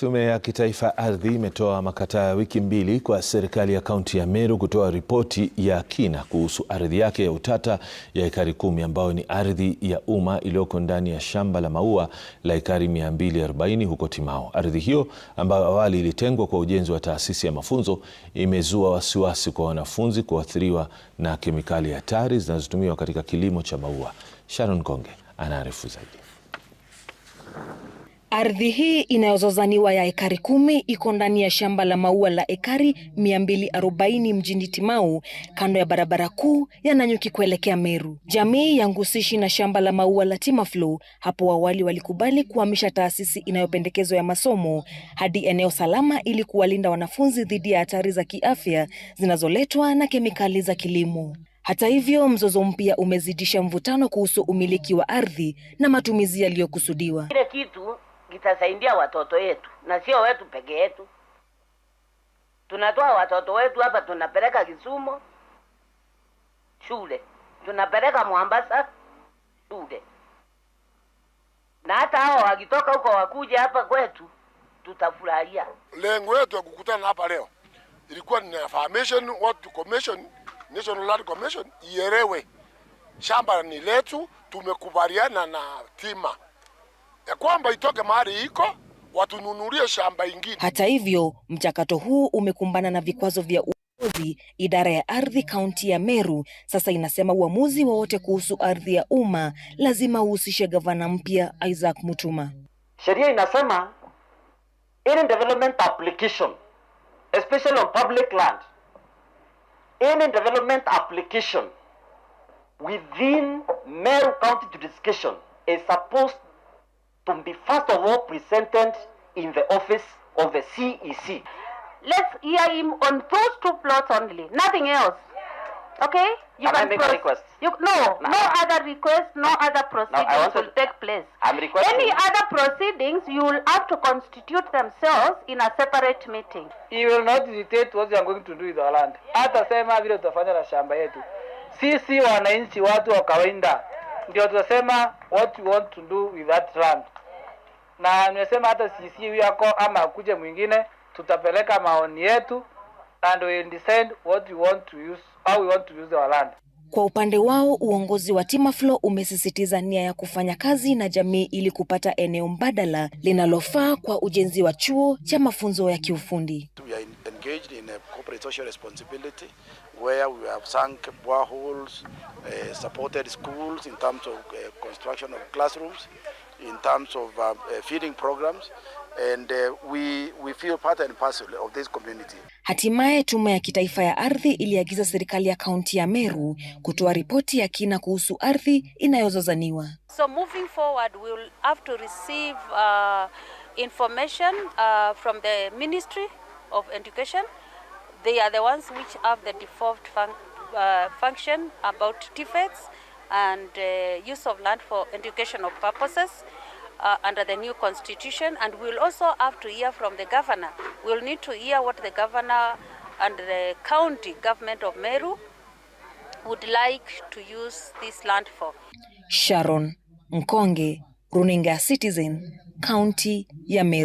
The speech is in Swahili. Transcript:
Tume ya Kitaifa Ardhi imetoa makataa ya wiki mbili kwa serikali ya kaunti ya Meru kutoa ripoti ya kina kuhusu ardhi yake ya utata ya ekari kumi ambayo ni ardhi ya umma iliyoko ndani ya shamba la maua la ekari 240 huko Timau. Ardhi hiyo ambayo awali ilitengwa kwa ujenzi wa taasisi ya mafunzo imezua wasiwasi kwa wanafunzi kuathiriwa na kemikali hatari zinazotumiwa katika kilimo cha maua. Sharon Konge anaarifu zaidi. Ardhi hii inayozozaniwa ya ekari kumi iko ndani ya shamba la maua la ekari 240 mjini Timau, kando ya barabara kuu ya Nanyuki kuelekea Meru. Jamii ya Ngusishi na shamba la maua la Timaflow hapo awali walikubali kuhamisha taasisi inayopendekezwa ya masomo hadi eneo salama ili kuwalinda wanafunzi dhidi ya hatari za kiafya zinazoletwa na kemikali za kilimo. Hata hivyo, mzozo mpya umezidisha mvutano kuhusu umiliki wa ardhi na matumizi yaliyokusudiwa. Kile kitu kitasaidia watoto yetu na sio wetu peke yetu. Tunatoa watoto wetu hapa, tunapeleka kisumo shule, tunapeleka mwambasa shule, na hata hao wakitoka huko wakuja hapa kwetu tutafurahia. Lengo yetu ya kukutana hapa leo ilikuwa ni information watu commission, National Land Commission ielewe shamba ni letu, tumekubaliana na tima ya kwamba itoke mahali iko watununulie shamba ingine. Hata hivyo, mchakato huu umekumbana na vikwazo vya uongozi. Idara ya ardhi kaunti ya Meru sasa inasema uamuzi wowote kuhusu ardhi ya umma lazima uhusishe gavana mpya Isaac Mutuma. Sheria inasema any development application especially on public land any development application within Meru County jurisdiction is supposed to be first of all presented in the office of the CEC. E Let's hear him on those two plots only, nothing else. Okay? You can, can I make a request? You, no, no, no other request, no other proceedings no, will to, take place. I'm requesting. Any other proceedings, you will have to constitute themselves in a separate meeting. He will not dictate what you are going to do with our land. Hata sema vile tutafanya na shamba yetu. Sisi wananchi, watu wa kawaida ndio tunasema what you want to do with that land. Na nimesema hata sisi yako ama akuje mwingine, tutapeleka maoni yetu and we decide what we want to use how we want to use our land. Kwa upande wao uongozi wa Timaflo umesisitiza nia ya kufanya kazi na jamii ili kupata eneo mbadala linalofaa kwa ujenzi wa chuo cha mafunzo ya kiufundi engaged in a corporate social responsibility where we have sunk boreholes, uh, supported schools in terms of uh, construction of classrooms, in terms of uh, feeding programs, and uh, we, we feel part and parcel of this community. Hatimaye tume ya kitaifa ya ardhi iliagiza serikali ya kaunti ya Meru kutoa ripoti ya kina kuhusu ardhi inayozozaniwa. So moving forward we will have to receive uh, information uh, from the ministry of education. They are the ones which have the default fun uh, function about TFETs and uh, use of land for educational purposes uh, under the new constitution. And we'll also have to hear from the governor. We'll need to hear what the governor and the county government of Meru would like to use this land for. Sharon Mkonge, Runinga Citizen, County ya Meru.